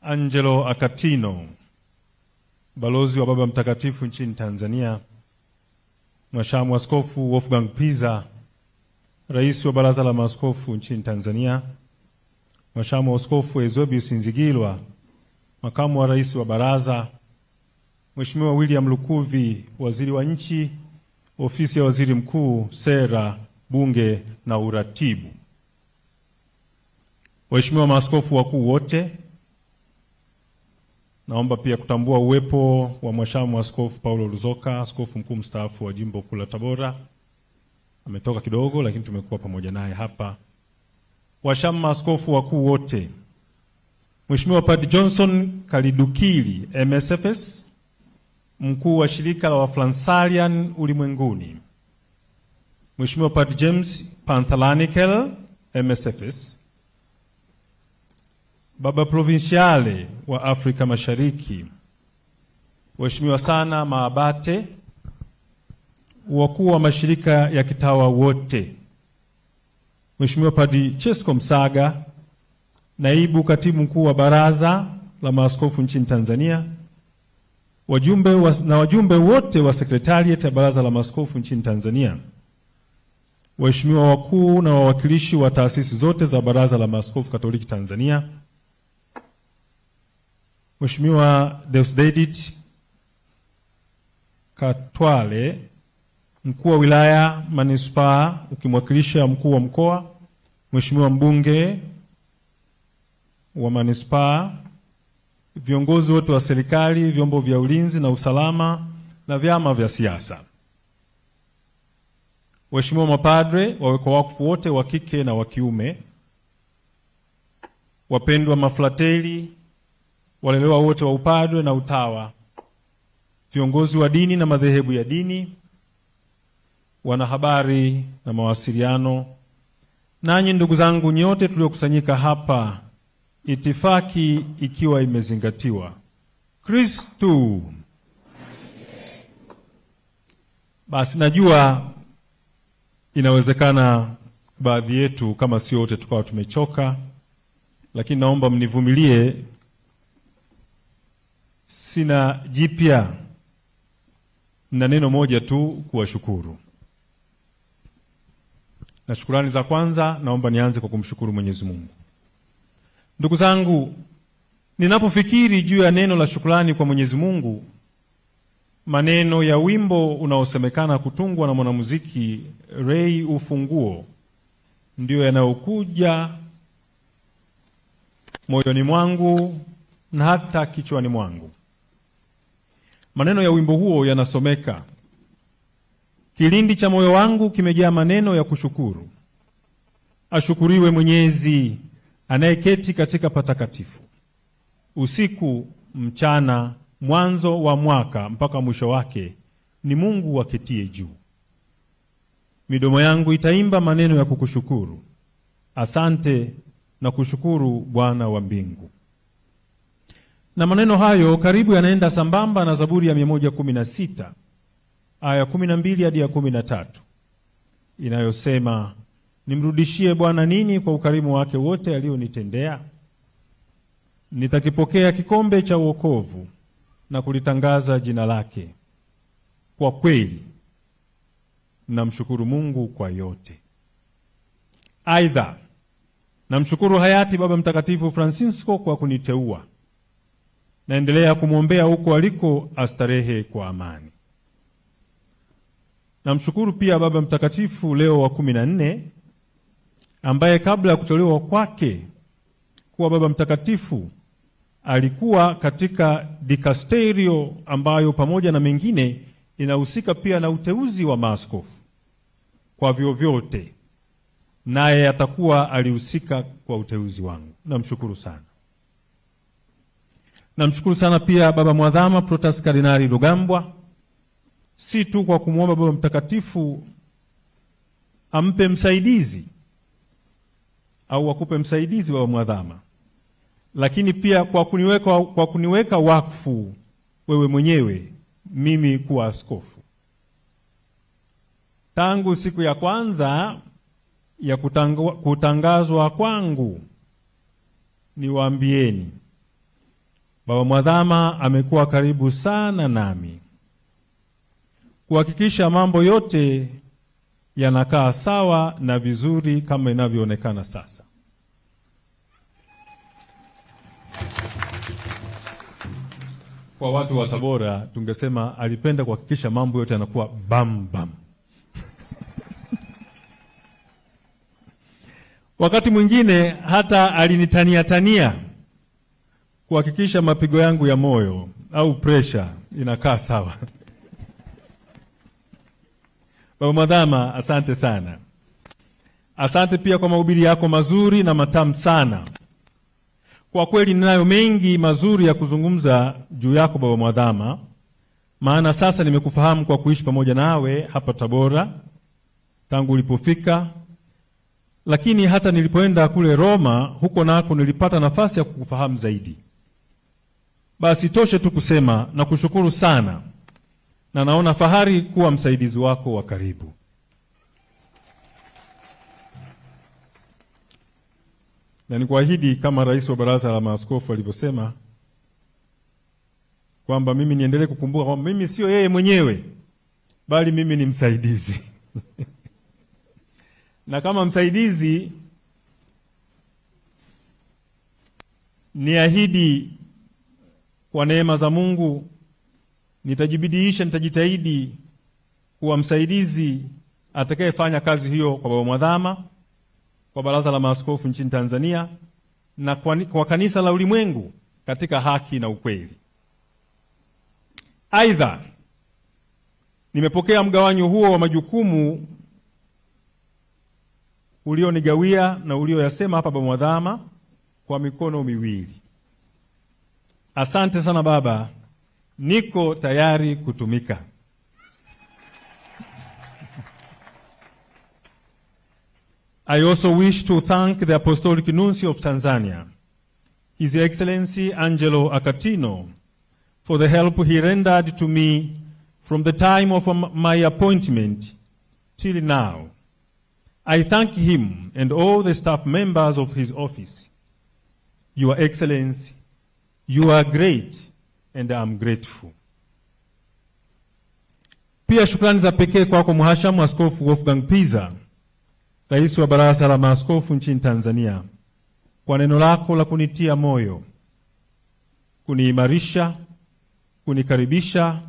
Angelo Akatino, balozi wa Baba Mtakatifu nchini Tanzania, Mhashamu Askofu Wolfgang Pisa, rais wa Baraza la Maaskofu nchini Tanzania, Mhashamu Askofu Eusebius Nzigilwa, makamu wa rais wa Baraza, Mheshimiwa William Lukuvi, waziri wa nchi, ofisi ya waziri mkuu, sera, bunge na uratibu. Waheshimiwa maaskofu wakuu wote, naomba pia kutambua uwepo wa Mhashamu Askofu Paulo Luzoka, askofu mkuu mstaafu wa Jimbo Kuu la Tabora. Ametoka kidogo, lakini tumekuwa pamoja naye hapa. Washamu maaskofu wakuu wote, Mheshimiwa Padre Johnson Kalidukili MSFS, mkuu wa shirika la Wafransalian ulimwenguni, Mheshimiwa Padre James Panthalanikel MSFS Baba Provinsiale wa Afrika Mashariki, waheshimiwa sana maabate, wakuu wa mashirika ya kitawa wote, Mheshimiwa Padi Chesko Msaga, naibu katibu mkuu wa Baraza la Maaskofu nchini Tanzania, wajumbe wa, na wajumbe wote wa sekretariat ya Baraza la Maaskofu nchini Tanzania, waheshimiwa wakuu na wawakilishi wa taasisi zote za Baraza la Maaskofu Katoliki Tanzania Mheshimiwa Deusdedit Katwale, mkuu wa wilaya manispaa ukimwakilisha mkuu wa mkoa, Mheshimiwa mbunge wa manispaa, viongozi wote wa serikali, vyombo vya ulinzi na usalama na vyama vya siasa, Waheshimiwa mapadre, wawekwa wakfu wote wa kike na wa kiume, wapendwa maflateli walelewa wote wa upadwe na utawa, viongozi wa dini na madhehebu ya dini, wanahabari na mawasiliano, nanyi ndugu zangu nyote tuliokusanyika hapa, itifaki ikiwa imezingatiwa. Kristu! Basi najua inawezekana baadhi yetu kama sio wote tukawa tumechoka, lakini naomba mnivumilie Sina jipya na neno moja tu, kuwashukuru. Na shukurani za kwanza, naomba nianze kwa kumshukuru Mwenyezi Mungu. Ndugu zangu, ninapofikiri juu ya neno la shukurani kwa Mwenyezi Mungu, maneno ya wimbo unaosemekana kutungwa na mwanamuziki Ray Ufunguo ndiyo yanayokuja moyoni mwangu na hata kichwani mwangu. Maneno ya wimbo huo yanasomeka: kilindi cha moyo wangu kimejaa maneno ya kushukuru, ashukuriwe Mwenyezi anayeketi katika patakatifu. Usiku mchana, mwanzo wa mwaka mpaka mwisho wake, ni Mungu aketie juu. Midomo yangu itaimba maneno ya kukushukuru. Asante na kushukuru Bwana wa mbingu na maneno hayo karibu yanaenda sambamba na Zaburi ya 116 aya 12 hadi ya 13 inayosema, nimrudishie Bwana nini kwa ukarimu wake wote alionitendea? Nitakipokea kikombe cha wokovu na kulitangaza jina lake. Kwa kweli namshukuru Mungu kwa yote. Aidha, namshukuru hayati Baba Mtakatifu Francisco kwa kuniteua naendelea kumwombea huko aliko, astarehe kwa amani. Namshukuru pia Baba Mtakatifu Leo wa kumi na nne ambaye kabla ya kutolewa kwake kuwa Baba Mtakatifu alikuwa katika dikasterio ambayo pamoja na mengine inahusika pia na uteuzi wa maaskofu kwa vyovyote, naye atakuwa alihusika kwa uteuzi wangu. Namshukuru sana. Namshukuru sana pia Baba Mwadhama Protas Kardinali Rugambwa, si tu kwa kumwomba Baba Mtakatifu ampe msaidizi au akupe msaidizi Baba Mwadhama, lakini pia kwa kuniweka, kwa kuniweka wakfu wewe mwenyewe mimi kuwa askofu. Tangu siku ya kwanza ya kutangazwa kwangu, niwaambieni Baba Mwadhama amekuwa karibu sana nami kuhakikisha mambo yote yanakaa sawa na vizuri kama inavyoonekana sasa. Kwa watu wa Tabora tungesema alipenda kuhakikisha mambo yote yanakuwa bam bam. Wakati mwingine hata alinitania tania kuhakikisha mapigo yangu ya moyo au presha inakaa sawa. Baba Mwadhama, asante sana. Asante pia kwa mahubiri yako mazuri na matamu sana. Kwa kweli ninayo mengi mazuri ya kuzungumza juu yako Baba Mwadhama, maana sasa nimekufahamu kwa kuishi pamoja nawe hapa Tabora tangu ulipofika, lakini hata nilipoenda kule Roma, huko nako nilipata nafasi ya kukufahamu zaidi. Basi toshe tu kusema na kushukuru sana, na naona fahari kuwa msaidizi wako wa karibu. Na nikuahidi kama rais wa Baraza la Maaskofu alivyosema kwamba mimi niendelee kukumbuka kwamba mimi sio yeye mwenyewe, bali mimi ni msaidizi na kama msaidizi niahidi kwa neema za Mungu nitajibidiisha, nitajitahidi kuwa msaidizi atakayefanya kazi hiyo kwa Baba Mwadhama, kwa Baraza la Maaskofu nchini Tanzania na kwa, kwa kanisa la ulimwengu katika haki na ukweli. Aidha, nimepokea mgawanyo huo wa majukumu ulionigawia na ulioyasema hapa Baba Mwadhama kwa mikono miwili. Asante sana baba, niko tayari kutumika. I also wish to thank the Apostolic Nuncio of Tanzania, His Excellency Angelo Acatino, for the help he rendered to me from the time of my appointment till now. I thank him and all the staff members of his office. Your Excellency, You are great and I'm grateful. Pia shukrani za pekee kwako Mhashamu Askofu Wolfgang Pisa, Rais wa Baraza la Maaskofu nchini Tanzania, kwa neno lako la kunitia moyo, kuniimarisha, kunikaribisha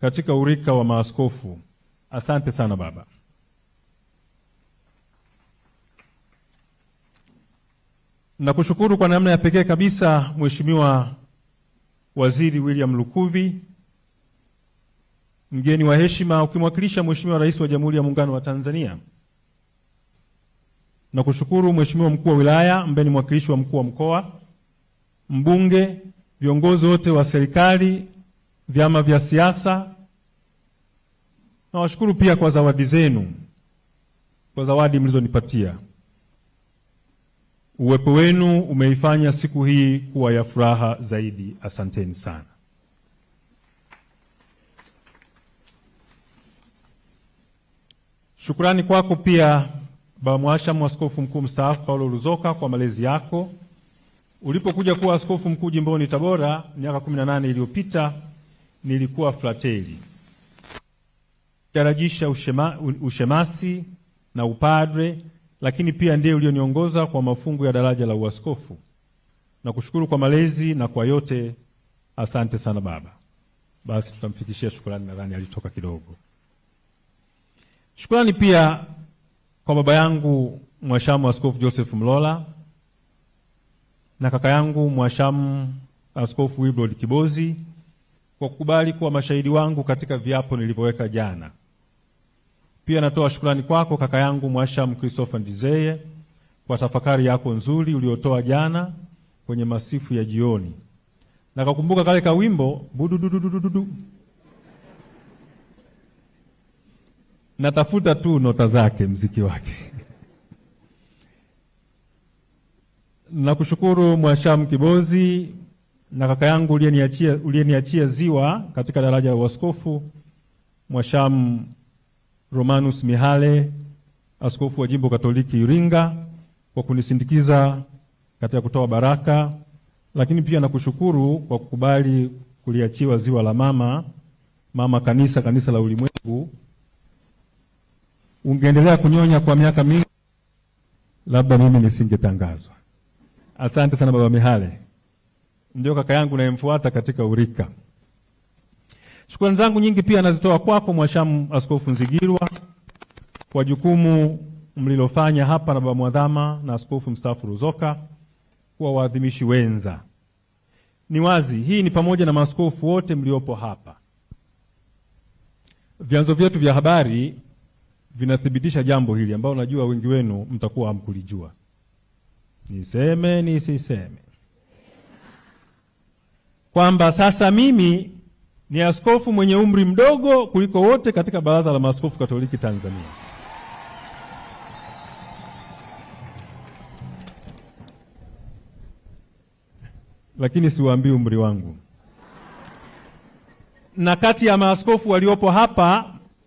katika urika wa maaskofu. Asante sana baba. Nakushukuru kwa namna ya pekee kabisa Mheshimiwa Waziri William Lukuvi, mgeni wa heshima ukimwakilisha Mheshimiwa Rais wa Jamhuri ya Muungano wa Tanzania. Nakushukuru Mheshimiwa Mkuu wa Wilaya ambaye ni mwakilishi wa mkuu wa mkoa, mbunge, viongozi wote wa serikali, vyama vya siasa. Nawashukuru pia kwa zawadi zenu, kwa zawadi mlizonipatia. Uwepo wenu umeifanya siku hii kuwa ya furaha zaidi. Asanteni sana. Shukrani kwako pia Baba Mwashamu, Askofu Mkuu mstaafu Paulo Luzoka, kwa malezi yako. Ulipokuja kuwa askofu mkuu jimboni Tabora miaka 18 iliyopita, nilikuwa frateli darajisha ushema, ushemasi na upadre lakini pia ndiye ulioniongoza kwa mafungu ya daraja la uaskofu. Nakushukuru kwa malezi na kwa yote, asante sana baba. Basi tutamfikishia shukrani, nadhani alitoka kidogo. Shukrani pia kwa baba yangu mwashamu Askofu Joseph Mlola na kaka yangu mwashamu Askofu Wilbrod Kibozi kwa kukubali kuwa mashahidi wangu katika viapo nilivyoweka jana. Pia natoa shukrani kwako kaka yangu mwasham Christopher Ndizeye kwa tafakari yako nzuri uliotoa jana kwenye masifu ya jioni. Nakakumbuka kale kawimbo bududududududu. Natafuta tu nota zake mziki wake. Nakushukuru Mwashamu Kibozi na kaka yangu uliyeniachia ziwa katika daraja la uaskofu Mwashamu Romanus Mihale, askofu wa jimbo Katoliki Iringa, kwa kunisindikiza katika kutoa baraka, lakini pia nakushukuru kwa kukubali kuliachiwa ziwa la mama mama kanisa, kanisa la ulimwengu. Ungeendelea kunyonya kwa miaka mingi, labda mimi nisingetangazwa. Asante sana Baba Mihale, ndio kaka yangu nayemfuata katika urika. Shukrani zangu nyingi pia nazitoa kwako Mhashamu Askofu nzigirwa kwa jukumu mlilofanya hapa na Baba Mwadhama na Askofu mstaafu Ruzoka kuwa waadhimishi wenza. Ni wazi hii ni pamoja na maaskofu wote mliopo hapa. Vyanzo vyetu vya habari vinathibitisha jambo hili ambalo najua wengi wenu mtakuwa hamkulijua. Niseme nisiseme, kwamba sasa mimi ni askofu mwenye umri mdogo kuliko wote katika Baraza la Maaskofu Katoliki Tanzania. Lakini siwaambii umri wangu. Na kati ya maaskofu waliopo hapa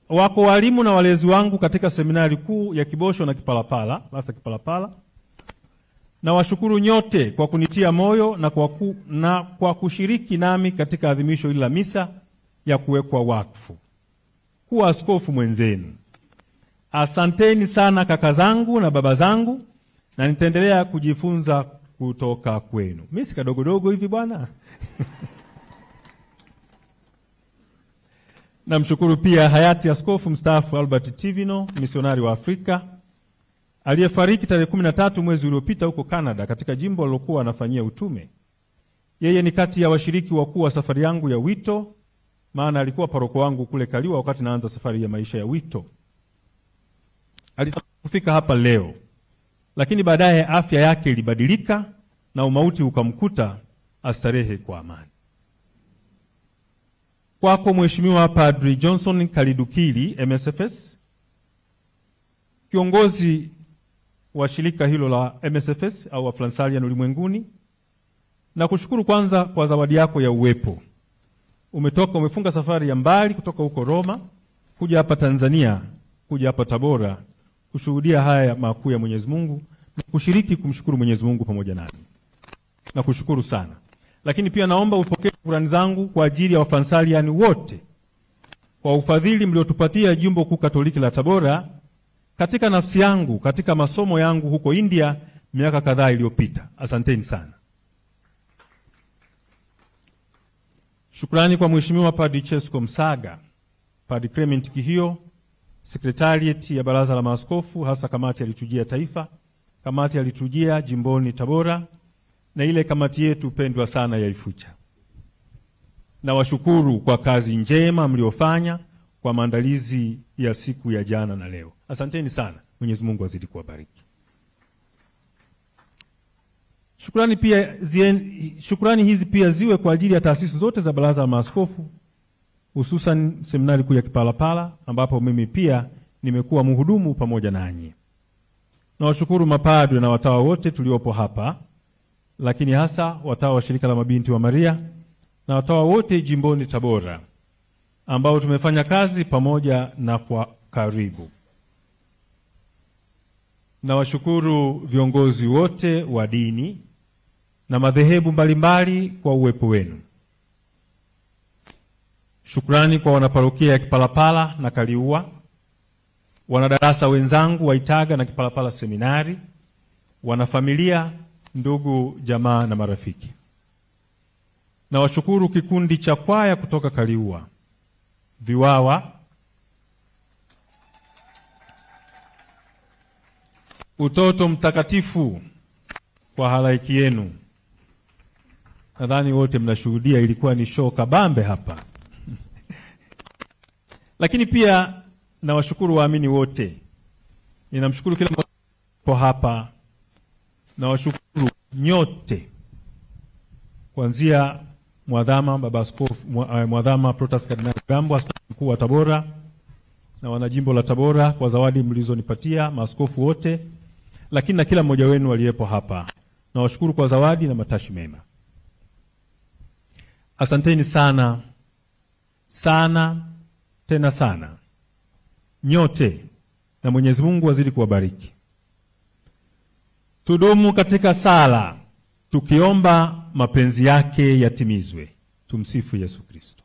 wako walimu na walezi wangu katika seminari kuu ya Kibosho na Kipalapala, hasa Kipalapala. Nawashukuru nyote kwa kunitia moyo na kwa, ku, na kwa kushiriki nami katika adhimisho hili la misa ya kuwekwa wakfu kuwa askofu mwenzenu. Asanteni sana kaka zangu na baba zangu, na nitaendelea kujifunza kutoka kwenu. Mimi si kadogodogo hivi bwana. Namshukuru pia hayati askofu mstaafu Albert Tivino, misionari wa Afrika aliyefariki tarehe 13 mwezi uliopita huko Canada katika jimbo alilokuwa anafanyia utume. Yeye ni kati ya washiriki wakuu wa safari yangu ya wito, maana alikuwa paroko wangu kule Kaliwa wakati naanza safari ya maisha ya wito. Alikufika hapa leo, lakini baadaye afya yake ilibadilika na umauti ukamkuta, astarehe kwa amani. Kwako Mheshimiwa Padri Johnson Kalidukili MSFS, kiongozi wa shirika hilo la MSFS au Waflansalian ulimwenguni na kushukuru kwanza kwa zawadi yako ya uwepo. Umetoka umefunga safari ya mbali kutoka huko Roma kuja hapa Tanzania, kuja hapa Tabora kushuhudia haya makuu ya Mwenyezi Mungu na kushiriki kumshukuru Mwenyezi Mungu pamoja nami. Nakushukuru sana. Lakini pia naomba upokee shukrani zangu kwa ajili ya Wafransaliani wote kwa ufadhili mliotupatia Jimbo Kuu Katoliki la Tabora katika nafsi yangu katika masomo yangu huko India miaka kadhaa iliyopita. Asanteni sana. Shukrani kwa Mheshimiwa Padri Chesko Msaga, Padri Clement Kihio, sekretarieti ya Baraza la Maaskofu, hasa kamati ya liturujia taifa, kamati ya liturujia jimboni Tabora na ile kamati yetu pendwa sana ya Ifucha. Nawashukuru kwa kazi njema mliofanya kwa maandalizi ya siku ya jana na leo. Asanteni sana. Mwenyezi Mungu azidi kuwabariki. Shukrani pia zien, shukrani hizi pia ziwe kwa ajili ya taasisi zote za Baraza la Maaskofu, hususan seminari kuu ya Kipalapala ambapo mimi pia nimekuwa mhudumu pamoja nanyi. Nawashukuru mapadwe na watawa wote tuliopo hapa, lakini hasa watawa wa shirika la mabinti wa Maria na watawa wote jimboni Tabora ambao tumefanya kazi pamoja na kwa karibu. Nawashukuru viongozi wote wa dini na madhehebu mbalimbali kwa uwepo wenu. Shukrani kwa wanaparokia ya Kipalapala na Kaliua, wanadarasa wenzangu wa Itaga na Kipalapala seminari, wanafamilia, ndugu, jamaa na marafiki. Nawashukuru kikundi cha kwaya kutoka Kaliua viwawa, utoto mtakatifu kwa halaiki yenu. Nadhani wote mnashuhudia, ilikuwa ni show kabambe hapa lakini pia nawashukuru waamini wote, ninamshukuru kila mmoja po hapa, nawashukuru nyote kuanzia Mwadhama Baba Askofu eh, Mwadhama Protas Kardinali Gambo, askofu mkuu wa Tabora na wanajimbo la Tabora kwa zawadi mlizonipatia, maaskofu wote, lakini na kila mmoja wenu aliyepo hapa, nawashukuru kwa zawadi na matashi mema. Asanteni sana sana tena sana nyote, na Mwenyezi Mungu azidi kuwabariki. Tudumu katika sala tukiomba mapenzi yake yatimizwe. Tumsifu Yesu Kristo.